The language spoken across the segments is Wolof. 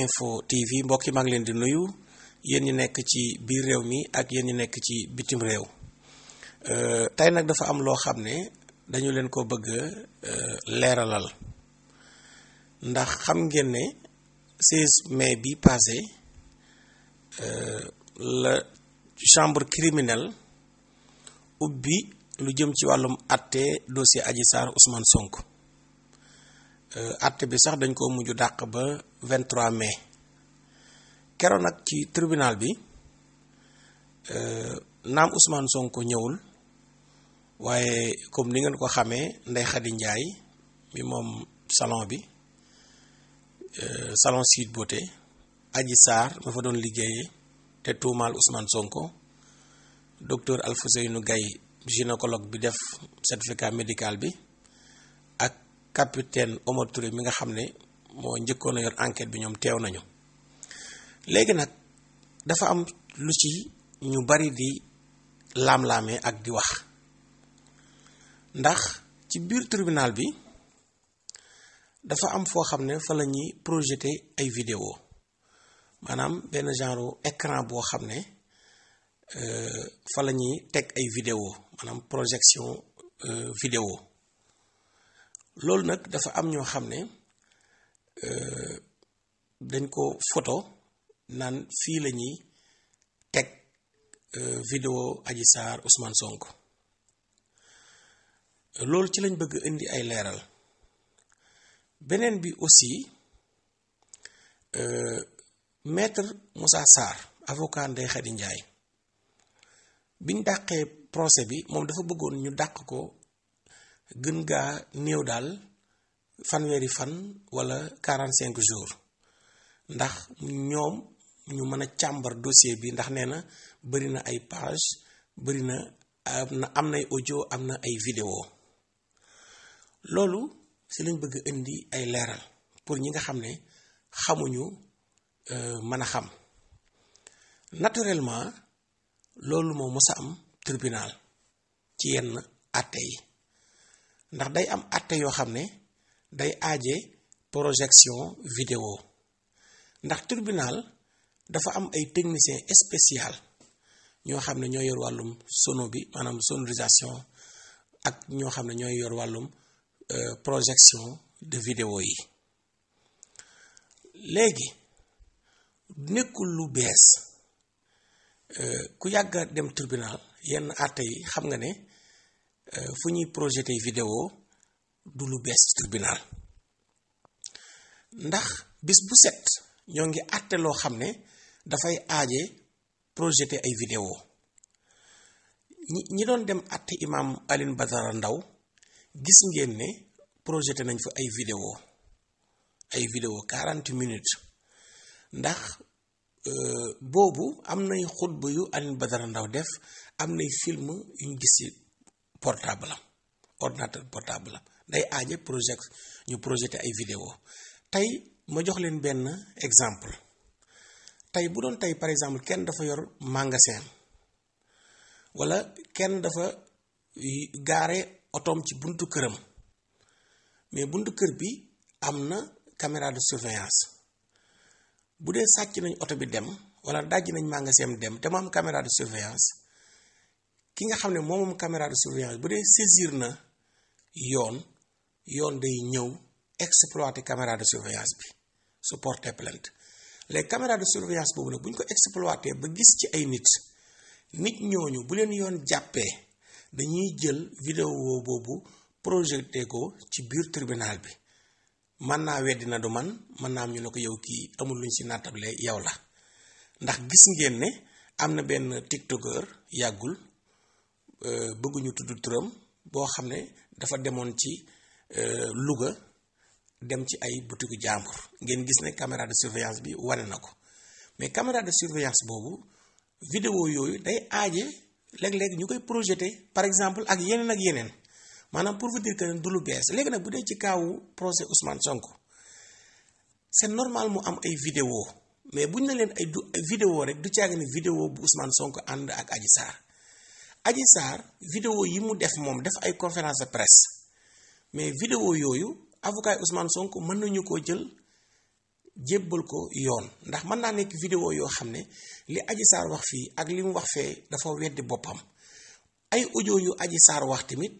info tv mbokk yi maa ngi leen di nuyu yéen ñi nekk ci biir réew mi ak yéen ñi nekk ci bitim réew euh, tey nag dafa am loo xam ne dañu leen ko bëgg euh, leeralal ndax xam ngeen ne 16 mai bi passé euh, la chambre criminelle ubbi lu jëm ci wàllum àtte dossier Adji Sarr Ousmane sonk àtte euh, bi sax dañ koo mujj dàq ba 23 mai keroog nag ci tribunal bi euh, naam Ousmane Sonko ñëwul waaye comme li ngeen ko xamee Ndeye Khady Ndiaye mi moom salon bi euh, salon Sweet Beauté Adji Sarr ma dafa doon liggéeyee te tuumaal Ousmane Sonko docteur Alfouseynou Gaye gynécologue bi def certificat médical bi. capitaine Omar Touré mi nga xam ne moo njëkkoon a yor enquête bi ñoom teew nañu léegi nag dafa am lu ci ñu bari di laam-laamee ak di wax ndax ci biir tribunal bi dafa am foo xam ne fa la ñuy projeté ay vidéo maanaam benn genre écran boo xam ne euh, fa la ñuy teg ay vidéo maanaam projection euh, vidéo loolu nag dafa am ñoo xam ne euh, dañ ko photo naan fii la ñuy teg euh, vidéo Adji Sarr Ousmane Sonko loolu ci lañ bëgg indi ay leeral beneen bi aussi euh, maître Moussa Sarr avocat Ndeye Khady biñ dàqee procès bi moom dafa bëggoon ñu dàq ko gën gaa néew daal fanweeri fan walla wala cinq jours ndax ñoom ñu mën a càmbar dossier bi ndax nee na bëri na ay page bëri na am na am nay audio am na ay vidéo loolu si lañ bëgg indi ay leeral pour ñi nga xam ne xamuñu euh, mën a xam naturellement loolu moo mës a am tribunal ci yenn àtte ndax day am atte yoo xam ne day aaje projection vidéo ndax tribunal dafa am ay technicien spécial ñoo xam ne ñoo yor wàllum sono bi maanaam sonorisation ak ñoo xam ne ñooy yor wàllum euh, projection de vidéo yi léegi nekkul lu bees euh, ku yàgga dem tribunal yenn àtte yi xam nga ne Euh, fu ñuy projeté vidéo du lu bees ci ndax bis bu set ñoo ngi àtte loo xam ne dafay aaje projette ay vidéo ñi ñi doon dem àtte imaam Alioune Badara Ndao gis ngeen ne projeté nañ fa ay vidéo ay vidéo quarante minutes ndax euh, boobu am nay xutba yu Alioune Badara Ndao def am nay film yuñ gis portable am ordinateur portable am day aaje projet ñu projette ay video tey ma jox leen benn exemple tey bu doon tey par exemple kenn dafa yor magasin walla kenn dafa gaare otoom ci buntu këram mais buntu kër bi am na caméra de surveillance bu dee sàcc nañ oto bi dem walla dajj nañ magasin dem te mu am caméra de surveillance ki nga xam ne moom moom caméra de surveillance bu dee saisir na yoon yoon day ñëw exploiter caméra de surveillance bi su porte plant les caméras de surveillance boobu nag bu ñu ko exploiter ba gis ci ay nit nit ñooñu bu leen yoon jàppee dañuy jël vidéo boobu projeté ko ci biir tribunal bi mën naa weddi na du man mën naa am ñu ne ko yow kii amul luñ ci nattable yow la ndax gis ngeen ne am na benn tiktoker yàggul Euh, bëgguñu tudd turam boo xam ne dafa demoon ci euh, Louga dem ci ay butigu jàmbur ngeen gis ne caméra de surveillance bi wane na ko mais caméra de surveillance boobu vidéo yooyu day aaje léeg-léeg ñu koy projeté par exemple ak yeneen ak yeneen maanaam pour vous dire que du lu bees léegi nag bu dee ci kaawu procès Ousmane Sonko c'est normal mu am ay vidéo mais buñ ne leen ay du vidéo rek du caagi ne vidéo bu Ousmane sonk ànd ak Adji Sarr aji saar vidéo yi mu def moom def ay conférence de presse mais vidéo yooyu avocat Ousmane Sonko mën nañu koo jël jébbal ko yoon ndax mën naa nekk vidéo yoo xam ne li Adji Sarr wax fii ak li mu wax fee dafa weddi boppam ay audio yu Adji Sarr wax tamit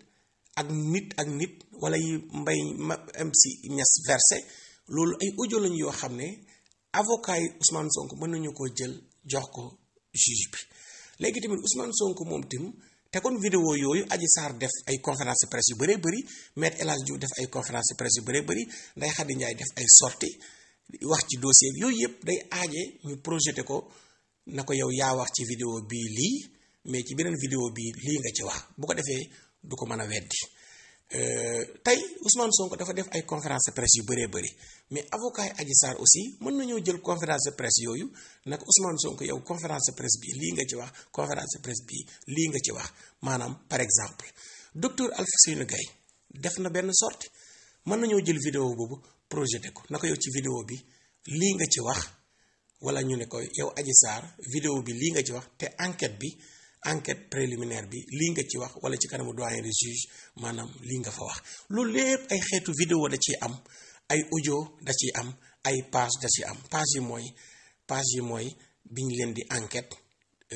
ak nit ak nit wala yi mbay MC Niass versé loolu ay audio lañu yoo xam ne avocat yi Ousmane Sonko mën nañu koo jël jox ko juge bi léegi tamit Ousmane Sonko moom tim te kon video yooyu Adji Sarr def ay conférence de yu bëree bëri Maître El Hadji def ay conférence de presse yu bëree bëri Ndeye Khady Ndiaye def ay sortie wax ci dossier yooyu yëpp day aaje ñu projeté ko na ko yow yaa wax ci vidéo bii lii mais ci beneen vidéo bii lii nga ci wax bu ko defee du ko mën a weddi Euh, tey Ousmane Sonko dafa def ay conférence de yu bëree bëri mais avocat yi Adji Sarr aussi mën nañoo jël conférence de yooyu nag Ousmane Sonko yow conférence de presse bi lii nga ci wax conférence de presse lii nga ci wax maanaam par exemple docteur Alpha Seynou def na benn sorte mën nañoo jël vidéo boobu projeté ko naka ko ci vidéo bi lii nga ci wax wala ñu ne ko yow aji Sarr vidéo bi lii nga ci wax te enquête bi. enquête préliminaire bi lii nga ci wax wala ci kanamu doyen des maanaam lii nga fa wax loolu lépp ay xeetu vidéo da ciy am ay audio da ciy am ay page da ciy am page yi mooy page yi mooy bi leen di enquête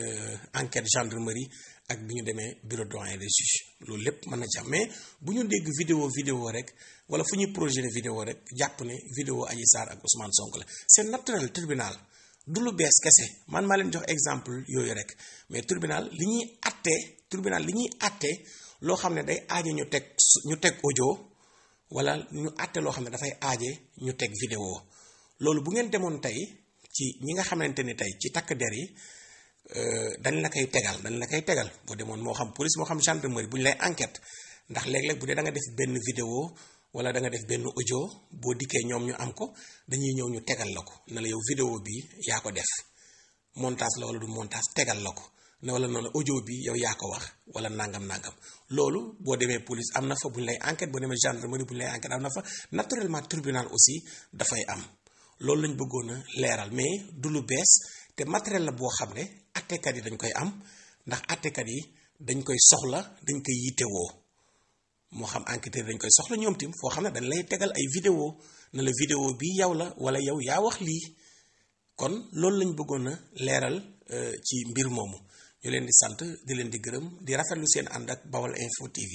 euh, enquête gendarmerie ak bi ñu demee bureau doyen des juges loolu lépp mën na ci mais bu ñu dégg vidéo vidéo rek wala fu ñuy projet vidéo rek jàpp ne vidéo Adji Sarr ak Ousmane Sonko la c'est naturel tribunal dulu lu kese man ma len jox exemple yooyu rek mais tribunal li ñuy tribunal li ñuy atte loo xam day aaje ñu tek ñu tek audio wala ñu atté lo xamné da fay aaje ñu tek vidéo loolu bu ngeen demone tay ci ñi nga xamanteni tay ci tak der yi euh, dañ la kay tegal dañ la kay tegal boo demone mo xam police mo xam gendarmerie buñ lay enquête ndax leg léeg bu dé da nga def ben vidéo wala da nga def benn audio boo dikkee ñoom ñu am ko dañuy ñëw ñu tegal la ko ne la yow vidéo bi yaa ko def montage la wala du montage tegal la ko na wala noonu audio bi yow yaa ko wax wala nangam nangam loolu boo demee police am na fa bu ñu lay enquête boo demee gendarmerie bu ñu lay enquête am na fa naturellement tribunal aussi dafay am loolu lañ bëggoon a leeral mais du lu bees te matériel la boo xam ne attekat yi dañ koy am ndax attekat yi dañ koy soxla dañ koy yittewoo. moo xam enquêteur dañ koy soxla ñoom tim foo xam ne dañ lay tegal ay vidéo na la vidéo bii yow la wala yow yaa wax lii kon loolu lañ bëggoon a leeral euh, ci mbir moomu ñu leen di sant di leen di gërëm di rafetlu seen ànd ak Bawal Info TV